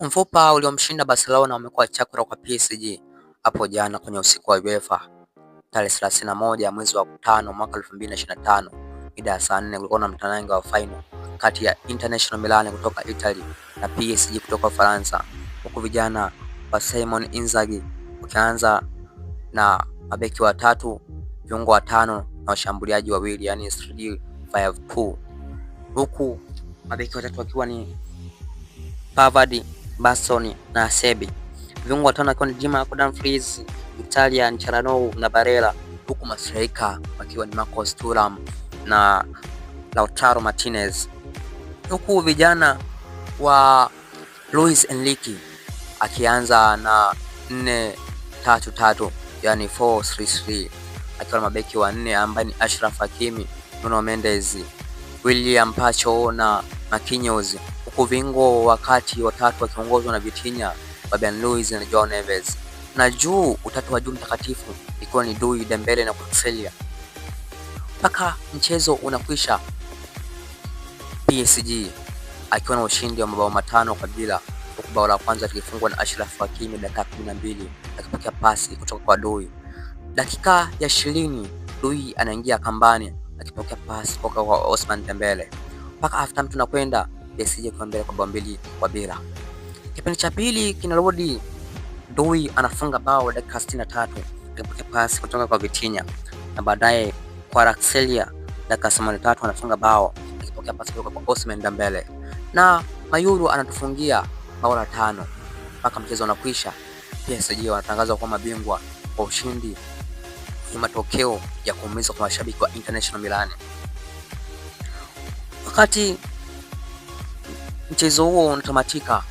Mfupa uliomshinda Barcelona umekuwa chakula kwa PSG hapo jana kwenye usiku wa UEFA tarehe 31 mwezi wa tano mwaka 2025 ida ya saa 4 kulikuwa na mtanange wa final kati ya International Milan kutoka Italy na PSG kutoka Ufaransa, huku vijana wa Simon Inzaghi wakianza na mabeki watatu, viungo watano na washambuliaji wawili, yani 352 huku mabeki watatu wakiwa ni Pavard Basson na Sebi. Viungo watano wakiwa ni Dima, Fries, Italia Charanov na Barella, huku mastrika wakiwa ni Marcos Thuram na Lautaro Martinez, huku vijana wa Luis Enrique akianza na 4-3-3 yani 4-3-3 akiwa na mabeki wanne ambaye ni Ashraf Hakimi, Nuno Mendes, William Pacho na Marquinhos huku vingo wakati watatu wakiongozwa na Vitinha, Fabian Luiz na Joao Neves, na juu utatu wa juu mtakatifu ikiwa ni Dui, Dembele na Kutselia. Mpaka mchezo unakwisha, PSG akiwa na ushindi wa mabao matano kwa bila, huku bao la kwanza likifungwa na Ashraf Hakimi dakika 12 akipokea pasi kutoka kwa Dui. Dakika ya 20 Dui anaingia kambani akipokea pasi kutoka kwa Osman Dembele. Mpaka halftime tunakwenda Besije kwa mbele kwa bao mbili kwa bila. Kipindi cha pili kinarudi, Dui anafunga bao dakika 63 akipokea pasi kutoka kwa Vitinha, na baadaye kwa Raxelia dakika 83 anafunga bao akipokea pasi kutoka kwa Osman Dembele, na Mayuru anatufungia bao la tano mpaka mchezo unakwisha. PSG wanatangazwa kuwa mabingwa kwa ushindi. Ni matokeo ya kuumizwa kwa mashabiki wa International Milan wakati Mchezo huo unatamatika,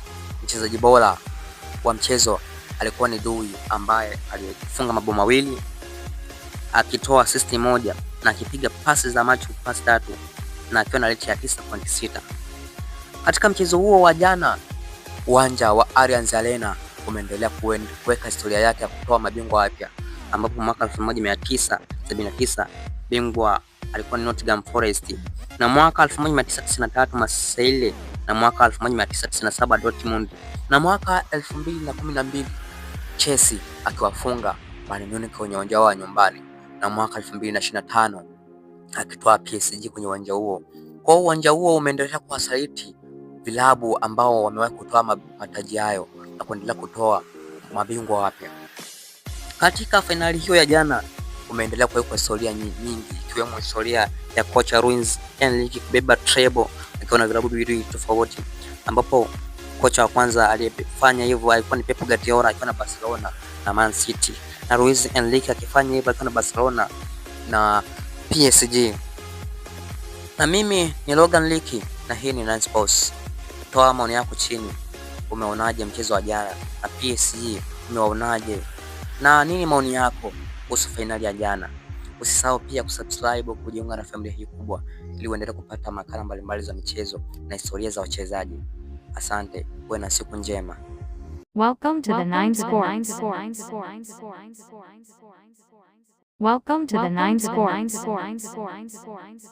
mchezaji bora wa mchezo alikuwa ni Dui ambaye alifunga mabao mawili akitoa assist moja na akipiga pasi za match pasi tatu na akiwa na rate ya 9.6. Katika mchezo huo wa jana, uwanja wa Allianz Arena umeendelea kuweka historia yake ya kutoa mabingwa wapya, ambapo mwaka 1979 bingwa alikuwa ni Nottingham Forest na mwaka 1993 Marseille na mwaka 1997 Dortmund na mwaka 2012 Chelsea akiwafunga Bayern Munich kwenye uwanja wao wa nyumbani na mwaka 2025 akitoa PSG kwenye uwanja huo. Kwa uwanja huo umeendelea kuwasaliti vilabu ambao wamewahi kutoa mataji hayo na kuendelea kutoa mabingwa wapya. Katika fainali hiyo ya jana umeendelea kuwekwa historia nyingi ikiwemo historia ya kocha Luis Enrique kubeba treble akiwa na vilabu viwili tofauti, ambapo kocha wa kwanza aliyefanya hivyo alikuwa ni Pep Guardiola akiwa na Barcelona na Man City, na Luis Enrique akifanya hivyo akiwa na Barcelona na PSG. Na mimi ni Logan Liki na hii ni Nine Sports. Toa maoni yako chini, umeonaje mchezo wa jana na PSG, umeonaje na nini maoni yako kuhusu fainali ya jana? Usisahau pia kusubscribe kujiunga na familia hii kubwa, ili uendelee kupata makala mbalimbali za michezo na historia za wachezaji. Asante, uwe na siku njema. Welcome to the Nine Sports. Welcome to the Nine Sports.